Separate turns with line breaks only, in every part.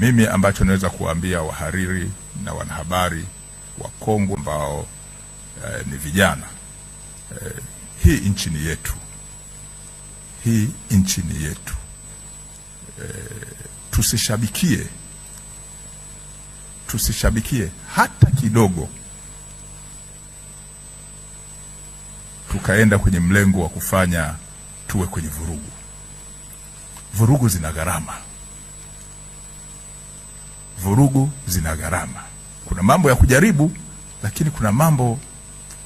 Mimi ambacho naweza kuwaambia wahariri na wanahabari wa ambao eh, ni vijana eh, hii nchi ni yetu, hii nchi ni yetu eh, tusishabikie tusishabikie hata kidogo, tukaenda kwenye mlengo wa kufanya tuwe kwenye vurugu. Vurugu zina gharama vurugu zina gharama. Kuna mambo ya kujaribu, lakini kuna mambo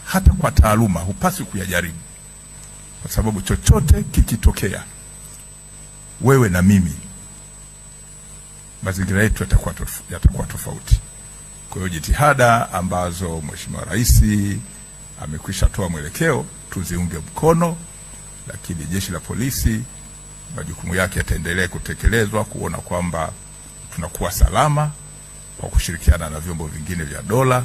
hata kwa taaluma hupaswi kuyajaribu, kwa sababu chochote kikitokea, wewe na mimi, mazingira yetu yatakuwa yatakuwa tofauti. Kwa hiyo jitihada ambazo Mheshimiwa Rais amekwisha toa mwelekeo tuziunge mkono, lakini jeshi la polisi majukumu yake yataendelea kutekelezwa kuona kwamba tunakuwa salama kwa kushirikiana na vyombo vingine vya dola,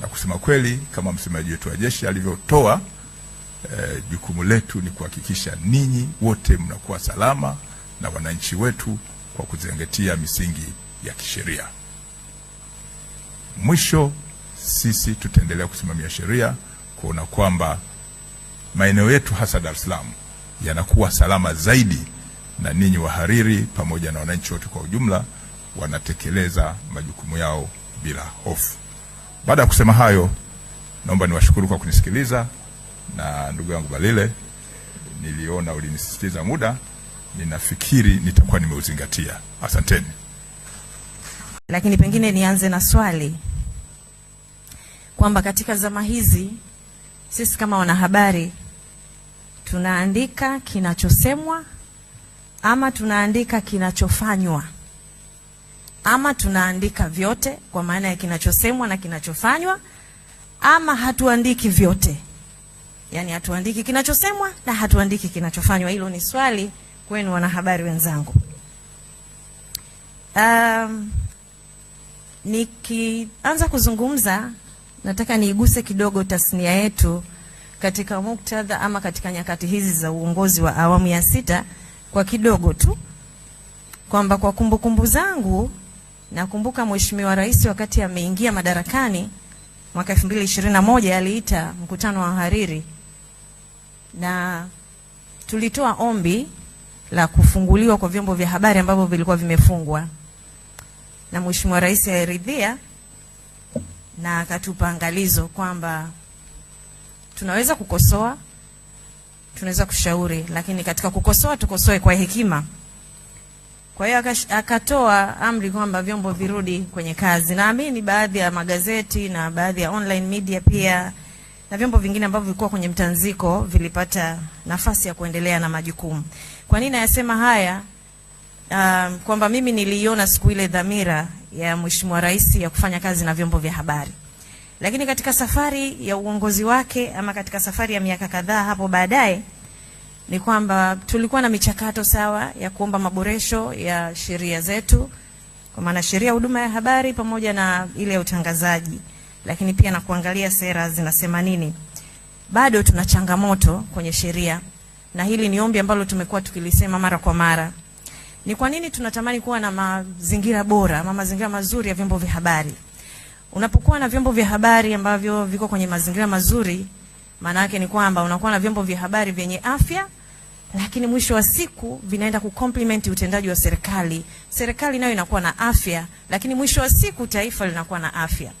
na kusema kweli, kama msemaji wetu wa jeshi alivyotoa, eh, jukumu letu ni kuhakikisha ninyi wote mnakuwa salama na wananchi wetu kwa kuzingatia misingi ya kisheria. Mwisho, sisi tutaendelea kusimamia sheria kuona kwamba maeneo yetu hasa Dar es Salaam yanakuwa salama zaidi, na ninyi wahariri pamoja na wananchi wote kwa ujumla wanatekeleza majukumu yao bila hofu. Baada ya kusema hayo, naomba niwashukuru kwa kunisikiliza, na ndugu yangu Balile, niliona ulinisisitiza muda, ninafikiri nitakuwa nimeuzingatia. Asanteni.
Lakini pengine nianze na swali kwamba katika zama hizi sisi kama wanahabari tunaandika kinachosemwa ama tunaandika kinachofanywa? ama tunaandika vyote kwa maana ya kinachosemwa na kinachofanywa, ama hatuandiki vyote, yaani hatuandiki kinachosemwa na hatuandiki kinachofanywa. Hilo ni swali kwenu wanahabari wenzangu. Um, nikianza kuzungumza nataka niiguse kidogo tasnia yetu katika muktadha ama katika nyakati hizi za uongozi wa awamu ya sita kwa kidogo tu, kwamba kwa kumbukumbu kumbu zangu Nakumbuka Mheshimiwa Rais wakati ameingia madarakani mwaka 2021 aliita mkutano wa hariri na tulitoa ombi la kufunguliwa kwa vyombo vya habari ambavyo vilikuwa vimefungwa, na Mheshimiwa Rais aliridhia na akatupa angalizo kwamba tunaweza kukosoa, tunaweza kushauri, lakini katika kukosoa tukosoe kwa hekima. Kwa hiyo akatoa amri kwamba vyombo virudi kwenye kazi. Naamini baadhi ya magazeti na baadhi ya online media pia na vyombo vingine ambavyo vilikuwa kwenye mtanziko vilipata nafasi ya kuendelea na majukumu. Kwa nini nayasema haya? Um, kwamba mimi niliiona siku ile dhamira ya Mheshimiwa Rais ya kufanya kazi na vyombo vya habari, lakini katika safari ya uongozi wake ama katika safari ya miaka kadhaa hapo baadaye ni kwamba tulikuwa na michakato sawa ya kuomba maboresho ya sheria zetu, kwa maana sheria ya huduma ya habari pamoja na ile ya utangazaji, lakini pia na kuangalia sera zinasema nini. Bado tuna changamoto kwenye sheria, na hili ni ombi ambalo tumekuwa tukilisema mara kwa mara. Ni kwa nini tunatamani kuwa na mazingira bora ama mazingira mazuri ya vyombo vya habari? Unapokuwa na vyombo vya habari ambavyo viko kwenye mazingira mazuri maana yake ni kwamba unakuwa na vyombo vya habari vyenye afya, lakini mwisho wa siku vinaenda kucomplement utendaji wa serikali. Serikali nayo inakuwa na afya, lakini mwisho wa siku taifa linakuwa na afya.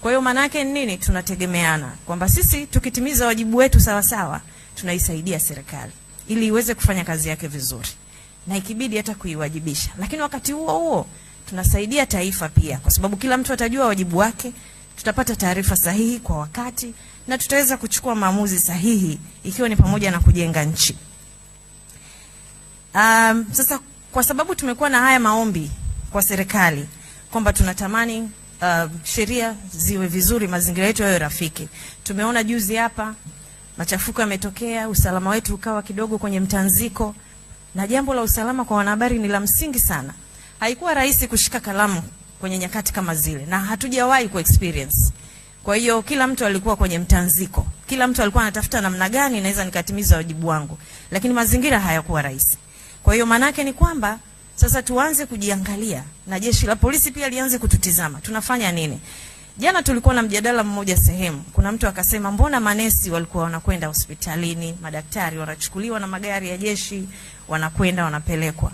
Kwa hiyo maana yake ni nini? Tunategemeana kwamba sisi tukitimiza wajibu wetu sawa sawa, tunaisaidia serikali ili iweze kufanya kazi yake vizuri na ikibidi hata kuiwajibisha, lakini wakati huo huo tunasaidia taifa pia, kwa sababu kila mtu atajua wajibu wake, tutapata taarifa sahihi kwa wakati na tutaweza kuchukua maamuzi sahihi ikiwa ni pamoja na kujenga nchi. Um, sasa kwa sababu tumekuwa na haya maombi kwa serikali kwamba tunatamani uh, sheria ziwe vizuri, mazingira yetu yawe rafiki. Tumeona juzi hapa machafuko yametokea, usalama wetu ukawa kidogo kwenye mtanziko, na jambo la usalama kwa wanahabari ni la msingi sana. Haikuwa rahisi kushika kalamu kwenye nyakati kama zile, na hatujawahi ku experience kwa hiyo kila mtu alikuwa kwenye mtanziko, kila mtu alikuwa anatafuta namna gani naweza nikatimiza wajibu wangu, lakini mazingira hayakuwa rahisi. Kwa hiyo maanake ni kwamba sasa tuanze kujiangalia na jeshi la polisi pia lianze kututizama tunafanya nini. Jana tulikuwa na mjadala mmoja sehemu, kuna mtu akasema mbona manesi walikuwa wanakwenda hospitalini, madaktari wanachukuliwa na magari ya jeshi, wanakwenda wanapelekwa